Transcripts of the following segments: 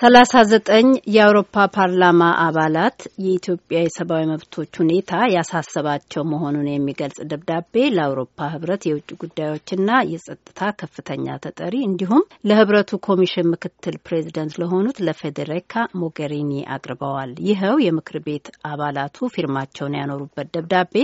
ሰላሳ ዘጠኝ የአውሮፓ ፓርላማ አባላት የኢትዮጵያ የሰብአዊ መብቶች ሁኔታ ያሳሰባቸው መሆኑን የሚገልጽ ደብዳቤ ለአውሮፓ ህብረት የውጭ ጉዳዮችና የጸጥታ ከፍተኛ ተጠሪ እንዲሁም ለህብረቱ ኮሚሽን ምክትል ፕሬዚደንት ለሆኑት ለፌዴሪካ ሞገሪኒ አቅርበዋል። ይኸው የምክር ቤት አባላቱ ፊርማቸውን ያኖሩበት ደብዳቤ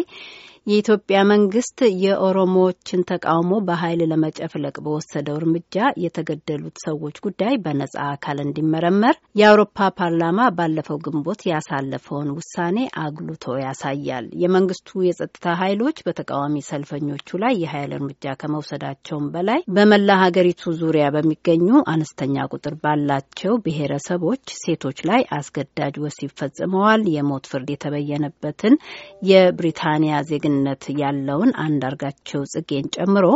የኢትዮጵያ መንግስት የኦሮሞዎችን ተቃውሞ በኃይል ለመጨፍለቅ በወሰደው እርምጃ የተገደሉት ሰዎች ጉዳይ በነጻ አካል እንዲመረመር የአውሮፓ ፓርላማ ባለፈው ግንቦት ያሳለፈውን ውሳኔ አጉልቶ ያሳያል። የመንግስቱ የጸጥታ ኃይሎች በተቃዋሚ ሰልፈኞቹ ላይ የኃይል እርምጃ ከመውሰዳቸውም በላይ በመላ ሀገሪቱ ዙሪያ በሚገኙ አነስተኛ ቁጥር ባላቸው ብሔረሰቦች ሴቶች ላይ አስገዳጅ ወሲብ ፈጽመዋል፣ የሞት ፍርድ የተበየነበትን የብሪታንያ ዜግነት ተጠያቂነት ያለውን አንዳርጋቸው ጽጌን ጨምሮ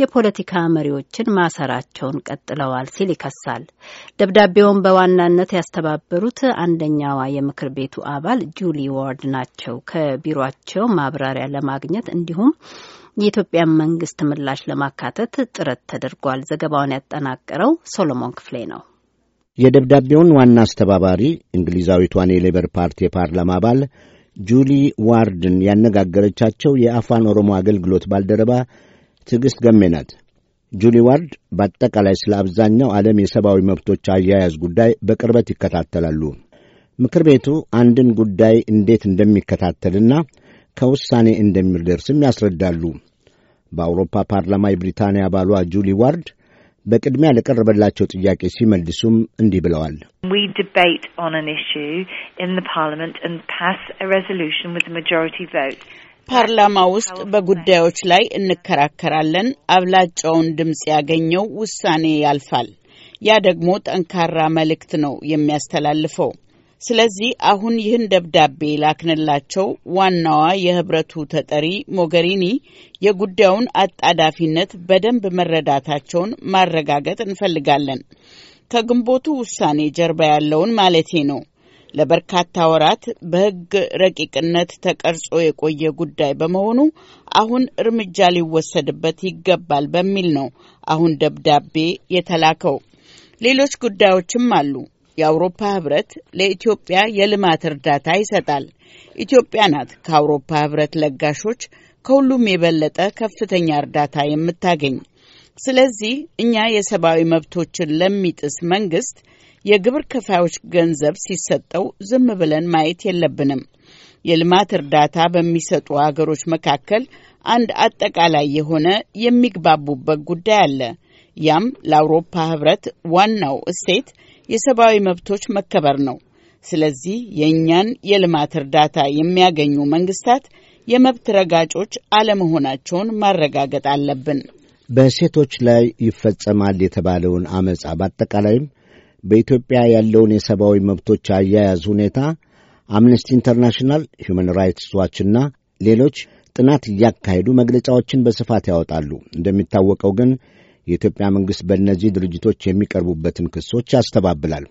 የፖለቲካ መሪዎችን ማሰራቸውን ቀጥለዋል ሲል ይከሳል። ደብዳቤውን በዋናነት ያስተባበሩት አንደኛዋ የምክር ቤቱ አባል ጁሊ ዋርድ ናቸው። ከቢሮቸው ማብራሪያ ለማግኘት እንዲሁም የኢትዮጵያ መንግስት ምላሽ ለማካተት ጥረት ተደርጓል። ዘገባውን ያጠናቀረው ሶሎሞን ክፍሌ ነው። የደብዳቤውን ዋና አስተባባሪ እንግሊዛዊቷን የሌበር ፓርቲ የፓርላማ አባል ጁሊ ዋርድን ያነጋገረቻቸው የአፋን ኦሮሞ አገልግሎት ባልደረባ ትዕግሥት ገሜ ናት። ጁሊ ዋርድ በአጠቃላይ ስለ አብዛኛው ዓለም የሰብአዊ መብቶች አያያዝ ጉዳይ በቅርበት ይከታተላሉ። ምክር ቤቱ አንድን ጉዳይ እንዴት እንደሚከታተልና ከውሳኔ እንደሚደርስም ያስረዳሉ። በአውሮፓ ፓርላማ የብሪታንያ ባሏ ጁሊ ዋርድ በቅድሚያ ለቀረበላቸው ጥያቄ ሲመልሱም እንዲህ ብለዋል። ፓርላማ ውስጥ በጉዳዮች ላይ እንከራከራለን። አብላጫውን ድምፅ ያገኘው ውሳኔ ያልፋል። ያ ደግሞ ጠንካራ መልእክት ነው የሚያስተላልፈው። ስለዚህ አሁን ይህን ደብዳቤ ላክንላቸው ዋናዋ የህብረቱ ተጠሪ ሞገሪኒ የጉዳዩን አጣዳፊነት በደንብ መረዳታቸውን ማረጋገጥ እንፈልጋለን። ከግንቦቱ ውሳኔ ጀርባ ያለውን ማለቴ ነው። ለበርካታ ወራት በህግ ረቂቅነት ተቀርጾ የቆየ ጉዳይ በመሆኑ አሁን እርምጃ ሊወሰድበት ይገባል በሚል ነው አሁን ደብዳቤ የተላከው። ሌሎች ጉዳዮችም አሉ። የአውሮፓ ህብረት ለኢትዮጵያ የልማት እርዳታ ይሰጣል። ኢትዮጵያ ናት ከአውሮፓ ህብረት ለጋሾች ከሁሉም የበለጠ ከፍተኛ እርዳታ የምታገኝ። ስለዚህ እኛ የሰብአዊ መብቶችን ለሚጥስ መንግስት የግብር ከፋዮች ገንዘብ ሲሰጠው ዝም ብለን ማየት የለብንም። የልማት እርዳታ በሚሰጡ አገሮች መካከል አንድ አጠቃላይ የሆነ የሚግባቡበት ጉዳይ አለ። ያም ለአውሮፓ ህብረት ዋናው እሴት የሰብአዊ መብቶች መከበር ነው። ስለዚህ የእኛን የልማት እርዳታ የሚያገኙ መንግስታት የመብት ረጋጮች አለመሆናቸውን ማረጋገጥ አለብን። በሴቶች ላይ ይፈጸማል የተባለውን አመጻ በአጠቃላይም በኢትዮጵያ ያለውን የሰብአዊ መብቶች አያያዝ ሁኔታ አምነስቲ ኢንተርናሽናል፣ ሁማን ራይትስ ዋችና ሌሎች ጥናት እያካሄዱ መግለጫዎችን በስፋት ያወጣሉ። እንደሚታወቀው ግን የኢትዮጵያ መንግሥት በእነዚህ ድርጅቶች የሚቀርቡበትን ክሶች ያስተባብላል።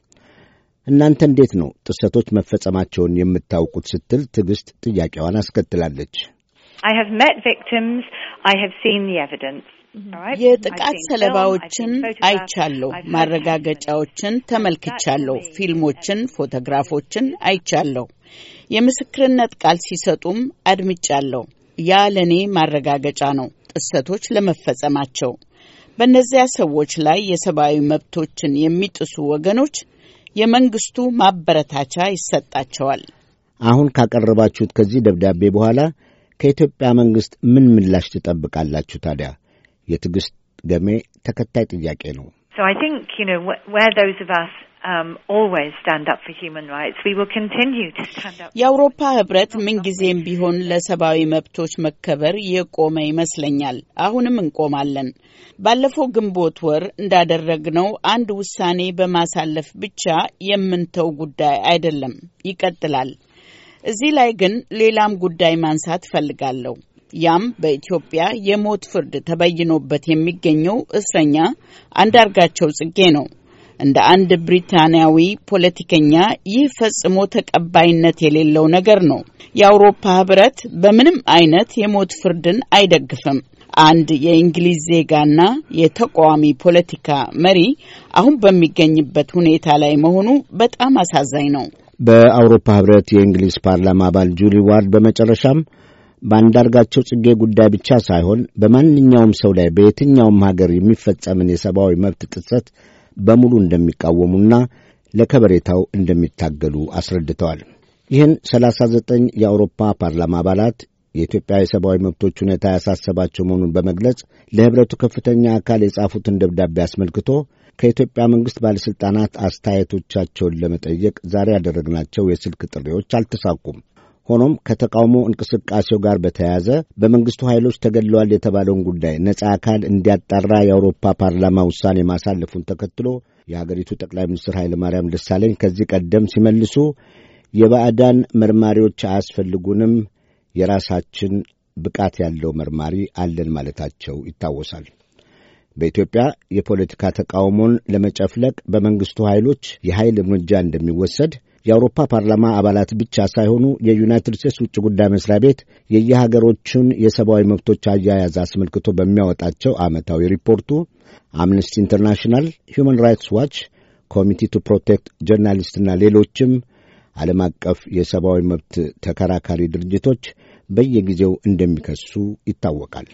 እናንተ እንዴት ነው ጥሰቶች መፈጸማቸውን የምታውቁት? ስትል ትዕግሥት ጥያቄዋን አስከትላለች። የጥቃት ሰለባዎችን አይቻለሁ፣ ማረጋገጫዎችን ተመልክቻለሁ፣ ፊልሞችን፣ ፎቶግራፎችን አይቻለሁ። የምስክርነት ቃል ሲሰጡም አድምጫለሁ። ያ ለእኔ ማረጋገጫ ነው ጥሰቶች ለመፈጸማቸው በእነዚያ ሰዎች ላይ የሰብአዊ መብቶችን የሚጥሱ ወገኖች የመንግስቱ ማበረታቻ ይሰጣቸዋል። አሁን ካቀረባችሁት ከዚህ ደብዳቤ በኋላ ከኢትዮጵያ መንግሥት ምን ምላሽ ትጠብቃላችሁ? ታዲያ የትዕግሥት ገሜ ተከታይ ጥያቄ ነው። Um, የአውሮፓ ህብረት ምንጊዜም ቢሆን ለሰብአዊ መብቶች መከበር የቆመ ይመስለኛል። አሁንም እንቆማለን። ባለፈው ግንቦት ወር እንዳደረግነው አንድ ውሳኔ በማሳለፍ ብቻ የምንተው ጉዳይ አይደለም፣ ይቀጥላል። እዚህ ላይ ግን ሌላም ጉዳይ ማንሳት እፈልጋለሁ። ያም በኢትዮጵያ የሞት ፍርድ ተበይኖበት የሚገኘው እስረኛ አንዳርጋቸው ጽጌ ነው። እንደ አንድ ብሪታንያዊ ፖለቲከኛ ይህ ፈጽሞ ተቀባይነት የሌለው ነገር ነው። የአውሮፓ ህብረት በምንም አይነት የሞት ፍርድን አይደግፍም። አንድ የእንግሊዝ ዜጋና የተቃዋሚ ፖለቲካ መሪ አሁን በሚገኝበት ሁኔታ ላይ መሆኑ በጣም አሳዛኝ ነው። በአውሮፓ ህብረት የእንግሊዝ ፓርላማ አባል ጁሊ ዋርድ በመጨረሻም በአንዳርጋቸው ጽጌ ጉዳይ ብቻ ሳይሆን በማንኛውም ሰው ላይ በየትኛውም ሀገር የሚፈጸምን የሰብአዊ መብት ጥሰት በሙሉ እንደሚቃወሙና ለከበሬታው እንደሚታገሉ አስረድተዋል። ይህን 39 የአውሮፓ ፓርላማ አባላት የኢትዮጵያ የሰብአዊ መብቶች ሁኔታ ያሳሰባቸው መሆኑን በመግለጽ ለኅብረቱ ከፍተኛ አካል የጻፉትን ደብዳቤ አስመልክቶ ከኢትዮጵያ መንግሥት ባለሥልጣናት አስተያየቶቻቸውን ለመጠየቅ ዛሬ ያደረግናቸው የስልክ ጥሪዎች አልተሳኩም። ሆኖም ከተቃውሞ እንቅስቃሴው ጋር በተያያዘ በመንግስቱ ኃይሎች ተገድለዋል የተባለውን ጉዳይ ነጻ አካል እንዲያጣራ የአውሮፓ ፓርላማ ውሳኔ ማሳለፉን ተከትሎ የሀገሪቱ ጠቅላይ ሚኒስትር ማርያም ደሳለኝ ከዚህ ቀደም ሲመልሱ የባዕዳን መርማሪዎች አያስፈልጉንም፣ የራሳችን ብቃት ያለው መርማሪ አለን ማለታቸው ይታወሳል። በኢትዮጵያ የፖለቲካ ተቃውሞን ለመጨፍለቅ በመንግስቱ ኃይሎች የኃይል እርምጃ እንደሚወሰድ የአውሮፓ ፓርላማ አባላት ብቻ ሳይሆኑ የዩናይትድ ስቴትስ ውጭ ጉዳይ መስሪያ ቤት የየሀገሮቹን የሰብአዊ መብቶች አያያዝ አስመልክቶ በሚያወጣቸው ዓመታዊ ሪፖርቱ አምነስቲ ኢንተርናሽናል፣ ሁማን ራይትስ ዋች፣ ኮሚቲ ቱ ፕሮቴክት ጆርናሊስትና ሌሎችም ዓለም አቀፍ የሰብአዊ መብት ተከራካሪ ድርጅቶች በየጊዜው እንደሚከሱ ይታወቃል።